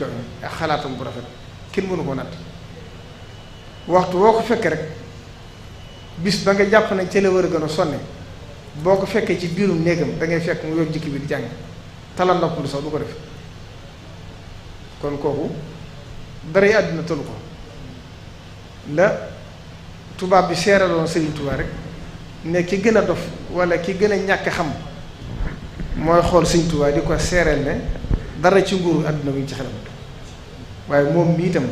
jikkoom ak xalaatam bu rafet kenn mënu ko natt waxtu woo ko fekkee rek bis ba nga jàpp ne ca la war a gën a sonne boo ko fekkee ci biirum néegam da ngay fekk mu yor jikki bi di jàng tala noppalu sax du ko def kon kooku dara àdduna àddina ko la tubaab bi seeraloon Sëriñ rek ne ki gën a dof walla ki gën a ñàkk xam mooy xool Sëriñ Tuubaa di ko seeral ne dara ci nguuru àdduna bi ñu ci xelam waaye moom mii itam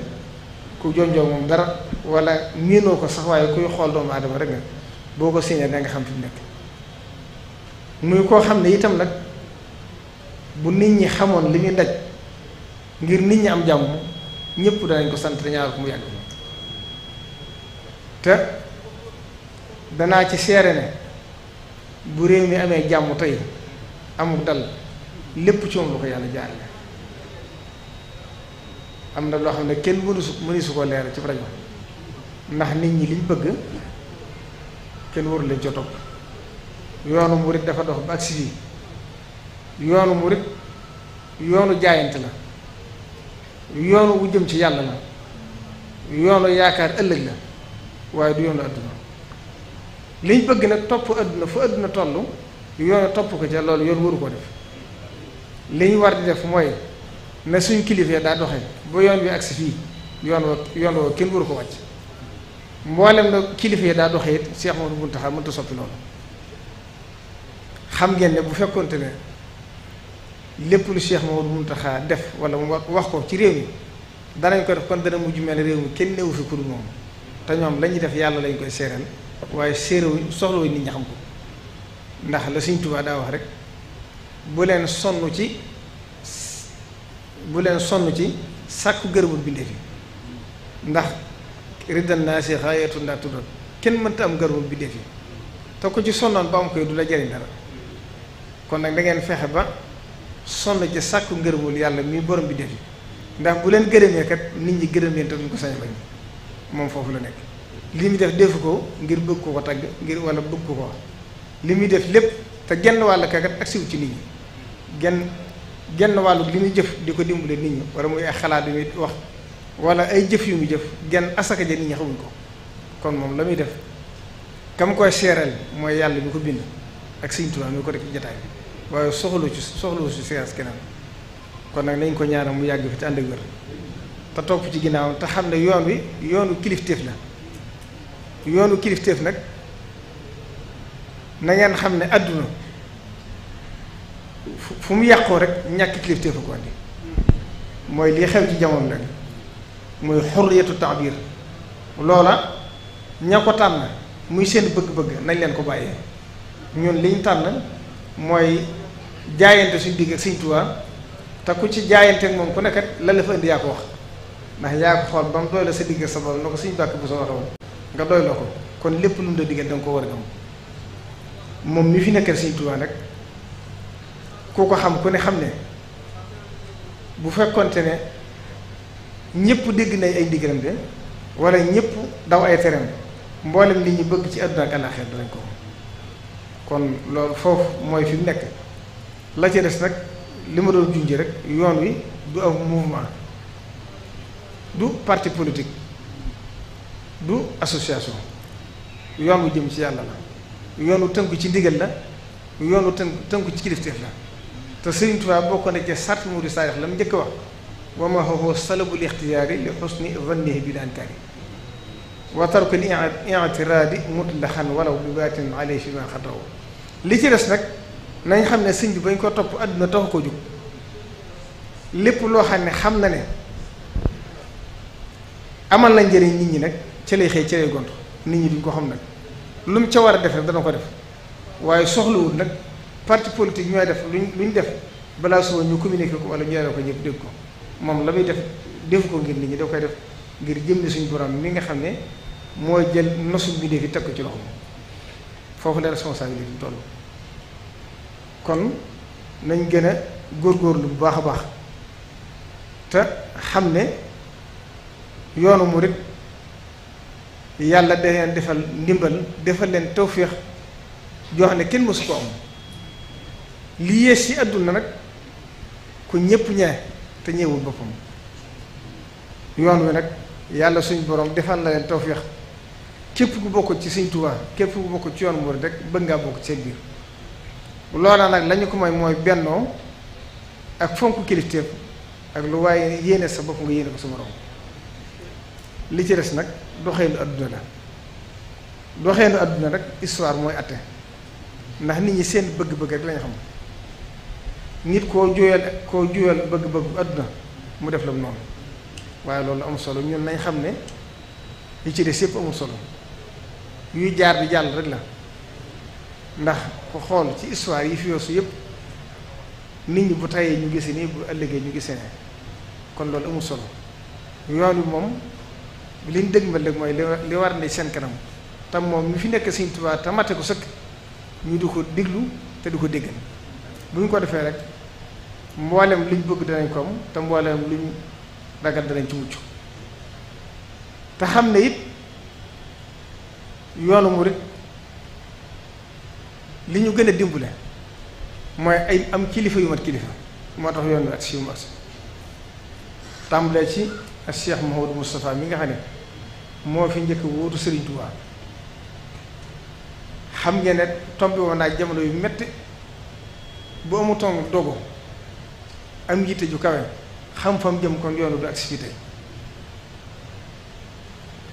ku jonjoo moom dara wala miinoo ko sax waaye kuy xool doomu aadama rek nga boo ko séenee danga xam fi mu nekk muy koo xam ne itam nag bu nit ñi xamoon li muy daj ngir nit ñi am jàmm ñëpp danañ ko sant ñaar ko mu yàgg te danaa ci seere ne bu réew mi amee jàmm tey amul dal lépp ci moom la ko yàlla jaarale am na loo xam ne kenn mënu su mënu su ko leeral ci rajo ndax nit ñi liñ bëgg kenn waru lañ ca topp yoonu murit dafa dox ba agsi fii yoonu murit yoonu jaayante la yoonu wu jëm ci yàlla la yoonu yaakaar ëllëg la waaye du yoonu àdduna liñ bëgg nag topp àdduna fu àdduna toll yoonu topp ko ca loolu yoon waru koo def liñ war di def mooy ne suñ kilifee daa doxee ba yoon wi agsi fii yoon wa yoon wa kenn waru ko wàcc mboolem na kilifee daa doxee it Cheikh Mouhamadou Mountakha mënta soppi loolu xam ngeen ne bu fekkonte ne lépp lu Cheikh Mouhamadou Mountakha def wala mu wax ko ci réew mi danañ ko def kon dana mujj mel ne réew mi kenn newu fi ku moom te ñoom lañuy def yàlla lañ koy séeral waaye séeréwu soxlawuñ nit ñi xam ko ndax la Sëñ Tuubaa daa wax rek bu leen sonn ci buleen leen sonn ci sàkku gërëmul bindeef yi ndax riddal naa si xaayatul naa tuddoon kenn mënta am gërëmul bindeef yi te ko ci sonnoon ba am koy du la jariñ dara kon nag da fexe ba sonn ci sàkku ngërëmul yàlla mi borom bindeef yi ndax bu leen gërëmee nit ñi gërëmee te duñ ko sañ bañ moom foofu la nekk li muy def defu ko ngir bëgg ko ko tagg ngir wala bëgg ko ko li muy def lépp te genn wàll kakat ak siw ci nit ñi genn wàllu li muy jëf di ko dimbale nit ñi wala muy ay xalaat yu muy wax wala ay jëf yu muy jëf genn asaka ja nit ñi xamuñ ko kon moom la muy def kam koy seeral mooy yàlla mu ko bind ak Sëñ Tuubaa mi ko def jataay waaye soxlu ci soxlu ci séance kon nag nañ ko ñaanal mu yàgg fi ci ànd ak wér te topp ci ginnaaw te xam ne yoon wi yoonu kilifteef la yoonu kilifteef nag na ngeen xam ne àdduna fu mu yàqoo rek ñàkk kilifteef ko andi mooy li xew ci jamono nag mooy xurriyatu taabir loola ña ko tànn muy seen bëgg-bëgg nañ leen ko bàyyee ñun liñ tànn mooy jaayante suñ digg ak Sëñ Tuubaa te ku ci jaayante moom ku nekkat la la fa indi yaa ko wax ndax yaa ko xool ba mu doy la sa digg sa borom na ko suñu bàkk bu sa waroon nga doy la ko kon lépp lu mu la digal da nga ko war a gëm moom mi fi nekkal Sëñ Tuubaa nag ku ko xam ku ne xam ne bu fekkonte ne ñëpp dégg nañ ay ndigalam de wala ñëpp daw ay tereem mboolem li ñu bëgg ci àdduna ak àllaaxira ko kon loolu foofu mooy fi mu nekk la ci des nag li ma doon junj rek yoon wi du am mouvement du parti politique du association yoon wu jëm ci yàlla la yoon wu tënku ci ndigal la yoon wu tënku ci kilifteef la te Sëriñ Tuubaa bokk na ca sart murid saalix la mu njëkk wax wa ma huwa salabul ixtiyaari li xusni zannihi bi daankaari wa tarku l i'tiraadi mutlaxan walaw bi baatin alayhi fi li ci des nag nañ xam ne sëñ bi bañ ko topp àdduna taxu ko jóg lépp loo xam ne xam na ne amal na njëriñ nit ñi nag ci lay xëy ci gont nit ñi duñ ko xam nag lu mu ca war a def rek dana ko def waaye soxlawul nag parti politique ñooy def lu luñ def balaa suba ñu communiqué ko wala ñooy ko ñëpp dégg ko moom la muy def defu ko ngir nit ñi da koy def ngir jëmle suñu borom mi nga xam ne mooy jël nosu bi defi teg ko ci loxo foofu la responsabilité bi toll kon nañ gën a góorgóorlu bu baax a baax te xam ne yoonu murit yàlla da defal ndimbal defal leen tawféex joo xam ne kenn mësu ko am li yées ci àdduna nag ku ñépp ñee te ñëwul boppam yoon wi nag yàlla suñu boroom defal na leen tawféex képp ku bokk ci Sëñ Tuubaa képp ku bokk ci yoon murid rek bëgg ngaa bokk ci seen biir loola nag lañu ko may mooy bennoo ak fonk kilifteef ak lu waaye yéene sa bopp nga yéene ko sa borom li ci des nag doxeenu àdduna la doxeenu àdduna rek histoire mooy atte ndax nit ñi seen bëgg-bëgg rek lañu xam nit koo juyal koo juyal bëgg-bëgg bu àdduna mu def la mu noonu waaye loolu am solo ñun nañ xam ne li ci des yëpp amul solo yuy jaar di jàll rek la ndax ko xool ci histoire yi fi yoosu yëpp nit ñi bu tayee ñu gisee nii bu ëllëgee ñu gise ne kon loolu amul solo yoon wi moom liñ dëgg ma dëgg mooy li war ne seen kanam tam moom ñu fi nekk Sëñ Tuubaa tamate ko sëkk ñu di ko diglu te du ko déggal bu ñu ko defee rek mboolem liñ bëgg danañ ko am te mboolem liñ ragal danañ ci mucc te xam ne it yoonu murit li ñu gën a dimbale mooy ay am kilifa yu mat kilifa moo tax yoon ak si yu mat ci ak Cheikh Mouhamadou Moustapha mi nga xam ne moo fi njëkk wóotu Serigne Touba xam ngeen ne tombé woon naa jamono yu metti bu amutoon dogo am yitte ju kawe xam fam jëm kon yoonu du ak si fii tey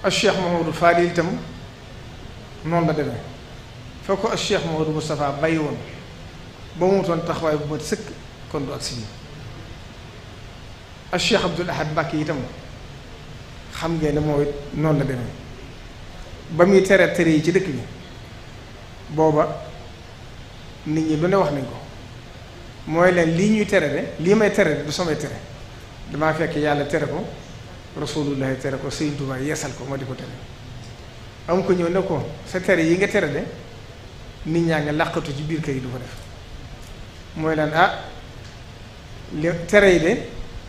ak Cheikh Mahamadou Fadil itam la demee foo ko ak Cheikh Mahamadou Moustapha bàyyi woon ba mu wutoon taxawaay bu mat sëkk kon du ak si fii ak Cheikh Abdoul Ahad xam ngeen ne mooy noon la demee ba muy tere tere yi ci dëkk bi booba nit ñi lu ne wax nañ ko mooy leen lii ñuy tere de lii may tere de du samay tere damaa fekk yàlla tere ko rasulullahi tere ko Sëriñ Tuubaa yeesal ko ma di ko tere am ko ñëw ne ko yi nga tere nit ñaa ngi làqatu ci biir kër du ko def mooy leen ah li tere yi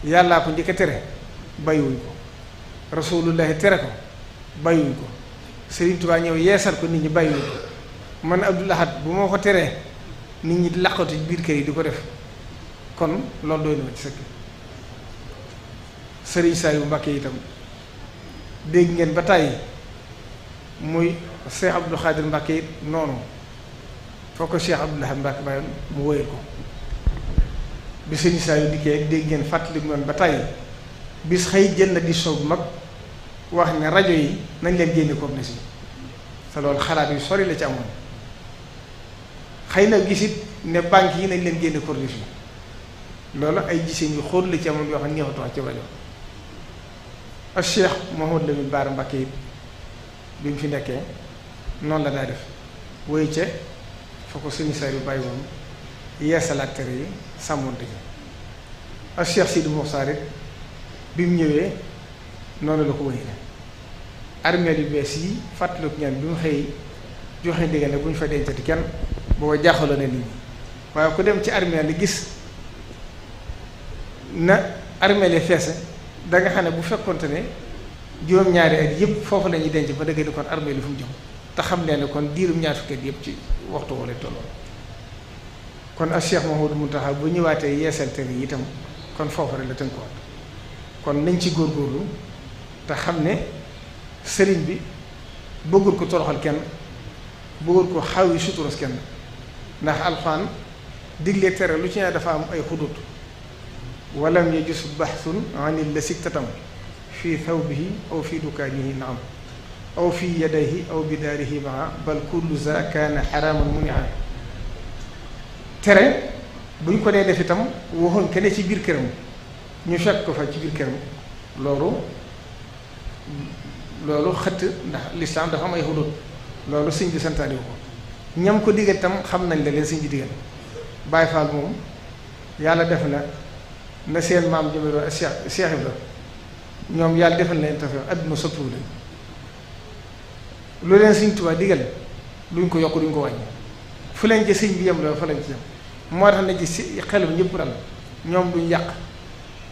de ko tere bàyyiwuñ ko rasulullahi tere ko bàyyiwuñ ko Sëriñ Tuubaa ñëw ko nit ñi bàyyiwuñ ko man Abdul Ahad bu ma ko teree nit ñi di laqatu ci biir kër yi di ko def kon loolu doy na ci sëkk sëriñ Saliou Mbacké itam dégg ngeen ba tàyyi muy Cheikh Abdou Khadir Mbacké noonu foo ko Cheikh Abdou Lahad Mbacké bàyyoon mu wóyal ko bi sëriñ Saliou dikkee dégg ngeen fàttaliku noonu ba tàyyi bis xëy jënd di soow bu mag wax ne rajo yi nañ leen génne comme ne si te loolu xalaat yu sori la ci amoon xëy na gisit ne banque yi nañ leen génne corniche bi loolu ay gisee ñu xóot la ci amoon yoo xam ne neexatu wax ci rajo ak Cheikh Mouhamadou Lamine Bara Mbacké it bi mu fi nekkee noonu la daa def wéy ca fa ko semisar yu bàyyi woon yeesalaat tere yi sàmmoonte ci ak Cheikh Sidi Moussa it bi mu ñëwee noonu la ko wéy na armée yu bees yi fàttaliku ñaan bi mu xëy joxe ndigal ne bu ñu fa dencati kenn booba jaaxaloon na nit ñi waaye ku dem ci armeel li gis na armeel yi feese da nga xam ne bu fekkonte ne juróom-ñaari at yëpp foofu la ñuy denc ba dëgg ni kon armeel yi fu mu jëm te xam leen ne kon diirum ñaar fukki yëpp ci waxtu wala tolloon kon ak Cheikh Mouhamadou ñëwaatee yeesal tere yi itam kon foofu rek la tënkuwaat kon nañ ci góorgóorlu te xam ne sëriñ bi bëggul ko toroxal kenn bëggul ko xaw yi suturas kenn. ndax alxaan digle tere lu ci ne dafa am ay xudut walam yajus baxsun anil la siktatam fii thawbihi aw fii dukaanihi naam aw fii yadayhi aw bidaarihi maa bal kullu za kaana xaraaman munia tere bu ñu ko dee def itam waxoon ke ci biir këram ñu fekk ko fa ci biir këram loolu loolu xëtt ndax lislaam dafa am ay xudut loolu sëñ bi santaaniwu ko ñam ko digal tam xam nañ la leen sëñ bi digal Baye Fall moom yàlla defe na na seen maam jëme doon ak Cheikh Cheikh Ibra ñoom yàlla defal la tafe àdduna soppiwu leen lu leen sëñ Tuubaa digal duñ ko yokk duñ ko wàññi fu leen ci sëñ bi yem loolu fa lañ ci yem moo tax na ci si xelu ñëpp dal ñoom duñ yàq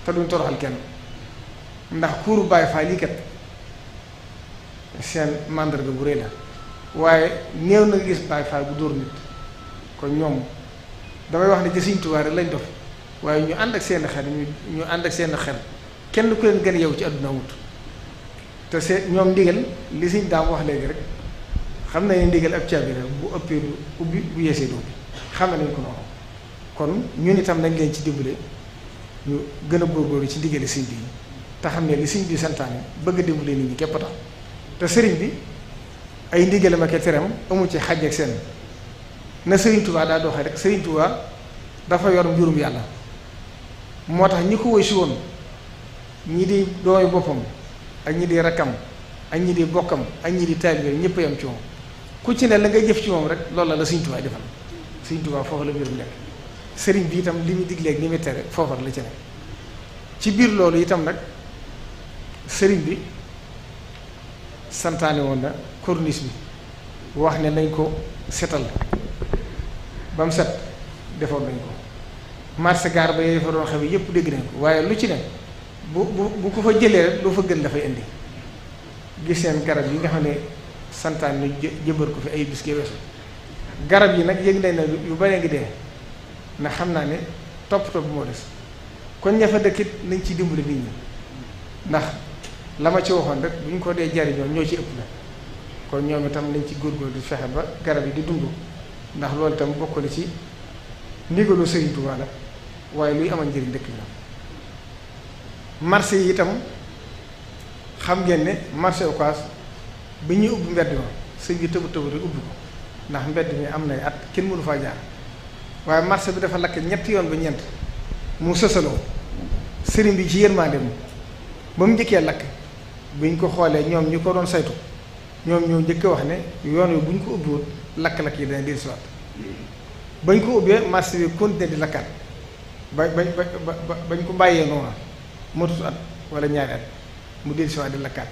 te duñ toroxal kenn ndax kuuru Baye Fall yi kat seen màndarga bu rëy la waaye néew na gis Baay Faal bu dóor nit kon ñoom damay wax ne ci Sëriñ Tuubaa lañ dof waaye ñu ànd ak seen xel ñu ñu ànd ak seen xel kenn ko leen gën yow ci àdduna te se ñoom ndigal li Sëriñ daam wax léegi rek xam nañ ne ndigal ab caabi la bu ëppee du ubbi bu yeesee du ubbi xam nañ ko noonu kon ñun itam nañ leen ci dimbale ñu gën a góorgóorlu ci ndigali sëriñ bi te xam ne li sëriñ bi santaane bëgg a dimbale nit ñi képp tax te sëriñ bi. ay ndigalam ak tereem amu ci xàjj ak seen na Serigne tubaa daa doxee rek sëriñ Touba dafa yor mbirum yàlla moo tax ñi ko woy si woon ñi di doomi boppam ak ñi di rakkam ak ñi di bokkam ak ñi di taalibeem ñëpp yam ci moom ku ci ne la nga jëf ci moom rek loolu la la Serigne Touba defal Serigne Touba foofu la mbirum nekk Serigne bi itam li mu digleeg ni mu tere foofa la ci ne ci biir loolu itam nag sëriñ bi santaane woon na. corniche bi wax ne nañ ko setal ba mu set defoon nañ ko marché gaar ba yooyu fa doon xew yépp dégg nañ ko waaye lu ci ne bu bu bu ko fa jëlee rek fa gën dafay indi gis seen garab yi nga xam ne santaan ñu jëmbar ko fi ay bis weesu garab yi nag yëg nañ ne yu bare ngi dee na xam naa ne topp topp moo des kon ña fa dëkkit nañ ci dimbali nit ñi ndax la ma ci waxoon rek bu ñu ko dee jariñoo ñoo ci ëpp la kon ñoom itam nañ ci góor góor di fexe ba garab yi di dund ndax loolu itam bokk na ci ndigalu Sëriñ Tuubaa waaye luy amal njëriñ ndëkk bi la marché yi itam xam ngeen ne marché Ocass bi ñuy ubb mbedd ma sëñ bi tëbu tëbu rek ubbi ko ndax mbedd mi am nay at kenn mënu faa jaar waaye marché bi dafa lakk ñetti yoon ba ñeent mu sësaloo sëriñ bi ci yërmande dem ba mu njëkkee lakk bi ñu ko xoolee ñoom ñu ko doon saytu ñoom ñoo njëkk wax ne yoon wi bu ñu ko ubbiwoon lakk-lakk yi dana dellu si bañ ko ubbee marché bi continué di lakkaat ba ba ba bañ ko bàyyee noonu motul at wala ñaari at mu dellu si waat di lakkaat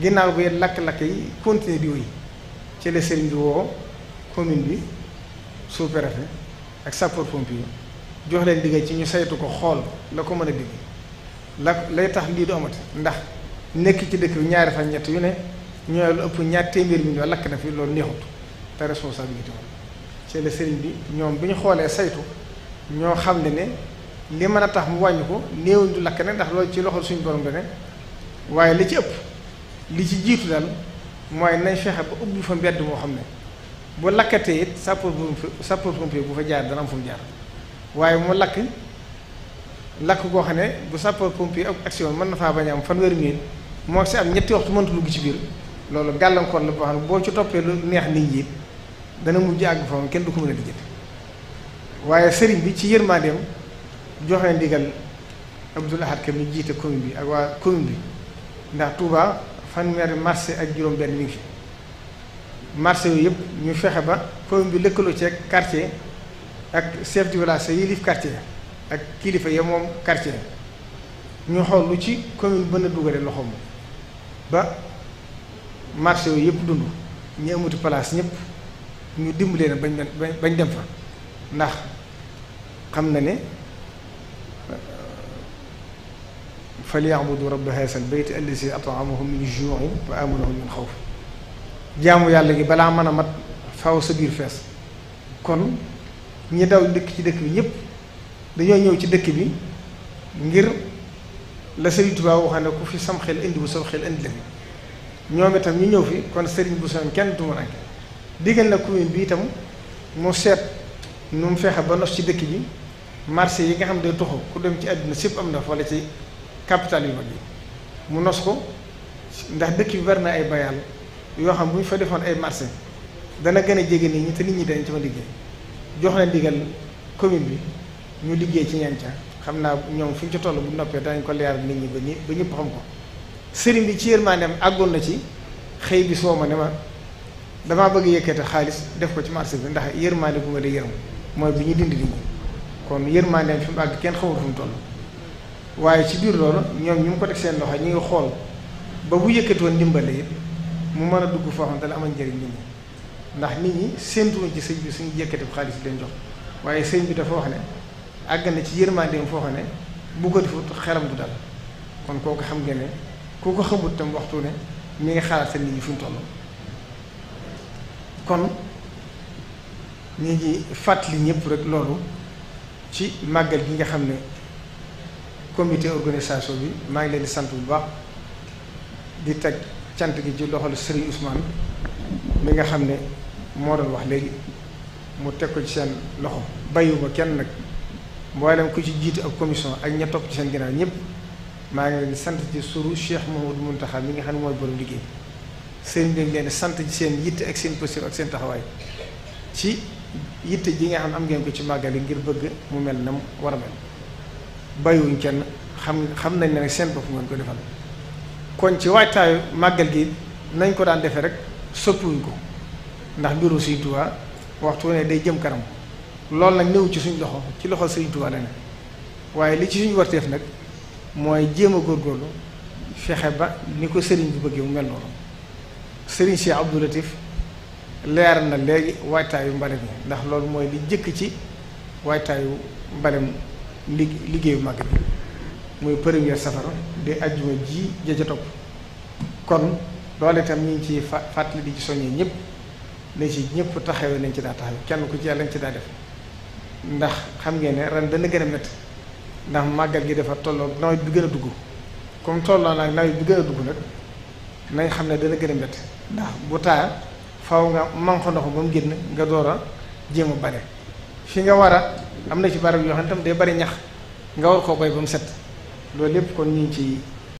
ginnaaw bi lakk-lakk yi continué di wéy ci la sëriñ bi woo commune bi sous-préfet ak sapeur-pompier jox leen liggéey ci ñu saytu ko xool la ko mën a digg la lay tax lii du ndax nekk ci dëkk bi ñaari fan ñett yu ne. ñoo lu ëpp ñaar téeméer million lakk na fii loolu neexut te responsabilité moom c'est le sëriñ bi ñoom bi ñu xoolee saytu ñoo xam ne ne li mën a tax mu wàññi ko néewuñ du lakk ne ndax loolu ci loxo suñu borom dene waaye li ci ëpp li ci jiitu daal mooy nañ fexe ba ubbi fa mbedd moo xam ne bu lakkatee it sapeur sapeur pompier bu fa jaar dana am fu mu jaar waaye mu lakk lakk goo xam ne bu sapeur pompier ak action mën na faa bañ a am fanweeri miin moo si am ñetti waxtu mëntu dugg ci biir loolu gàllankoor la boo xam boo ci toppee lu neex nit ñi dana mujj àgg foofu kenn du ko mën a lijjanti waaye sëriñ bi ci yërmandeem joxe ndigal Abdoul Ahad Ka mi jiite commune bi ak waa commune bi ndax Touba fanweeri marché ak juróom-benn mi ngi fi marché yooyu yëpp ñu fexe ba commune bi lëkkaloo ci quartier ak chef de village yilif quartier ak kilifa ya moom quartier ñu xool lu ci commune bëna dugale loxoom ba. marché yooyu yëpp dund ñu amati place ñëpp ñu dimbali leen bañ bañ dem fa ndax xam na ne euh, falyabudu rabba haasal bayt allazi atamahum min juin wa amanahum min xawf jaamu yàlla gi balaa mën a mat faaw sa biir fees kon ñi daw dëkk ci dëkk bi ñëpp dañoo ñëw ci dëkk bi ngir la Sëriñ Tuubaa waxee ne ku fi sam xel indi bu sam xel indi la ñoom itam ñu ñëw fi kon sëriñ bu soobee kenn du mën a digal na commune bi itam mu seet nu mu fexe ba nos ci dëkk bi marché yi nga xam ne toxo ku dem ci àdduna sépp am na wala ci capital yu mag mu nos ko ndax dëkk bi bari na ay bayal yoo xam bu ñu fa defoon ay marché dana gën a jege nit ñi te nit ñi dañ ci liggéey jox na digal commune bi ñu liggéey ci ñanca xam naa ñoom fu ñu ci toll bu noppee danañ ko leeral nit ñi ba ñi ba ñëpp xam ko. sëriñ bi ci yërmaandeem àggoon na ci xëy bi soo ma ne ma damaa bëgg yëkkate xaalis def ko ci marché bi ndax yërmaande bu ma dee yërëm mooy bi ñu dindi dindi kon yërmaandeem fi mu àgg kenn xamul fu mu ci biir loolu ñoom ñu ngi ko teg seen loxo ñu ngi xool ba bu yëkkatoon ndimbal it mu mën a dugg foo xam dana amal njëriñ nit ñi ndax nit ñi séentuwuñ ci sëñ bi suñu yëkkati xaalis bi leen jox waaye sëñ bi dafa wax ne àgg na ci yërmaandeem foo xam ne bu ko defut xelam du dal kon kooku xam nga ku ko xamut tam waxtu ne mi ngi xalaat sa nit ñi fu ñu toll kon ñu ngi fàttali ñëpp rek loolu ci màggal gi nga xam ne comité organisation bi maa ngi leen di sant bu baax di teg cant gi ci loxol Serigne Ousmane mi nga xam ne moo doon wax léegi mu teg ko ci seen loxo bàyyiwuma kenn nag mboolem ku ci jiitu ak commission ak ña topp ci seen ginnaaw ñëpp. maa ngi leen di sant ci moom Cheikh Mouhamadou Mountakha mi nga xam ne mooy borom liggéey seen bi leen sant ci seen yitte ak seen posture ak seen taxawaay ci yitte ji nga xam ne am ngeen ko ci màggal yi ngir bëgg mu mel na mu war a mel bàyyiwuñ kenn xam xam nañ ne nag seen bopp ngeen ko defal kon ci waajtaayu màggal gi nañ ko daan defee rek soppiwuñ ko ndax mbiru Sëriñ Tuubaa waxtu ne day jëm kanam loolu nag néew ci suñ loxo ci loxo Sëriñ Tuubaa la ne waaye li ci suñu warteef nag. mooy jéem a góorlu fexe ba ni ko sëriñ bi bëggee mu mel noonu sëriñ si Abdou Latif leer na léegi waajtaayu mbalit mi ndax loolu mooy li jëkk ci waajtaayu mbalim li liggéeyu mag bi muy premier safara di ajjuma ji jëja topp kon loolu itam ñu ngi ciy fa fàttali di ci soññee ñëpp ne ci ñëpp taxawee nañ ci daa taxaw kenn ku ci yàlla nañ ci daa def ndax xam ngeen ne ren dana gën a métti ndax màggal gi dafa tolloo nawet bi gën a dugg comme tolloo nag nawet bi gën a dugg nag nañ xam ne dana gën a métti ndax bu taaya faw nga manqué ndox ba mu génn nga door a jéem a bare fi nga war a am na ci barab yoo xam ne tam day bari ñax nga war koo bay ba mu set loolu lépp kon ñu ngi ci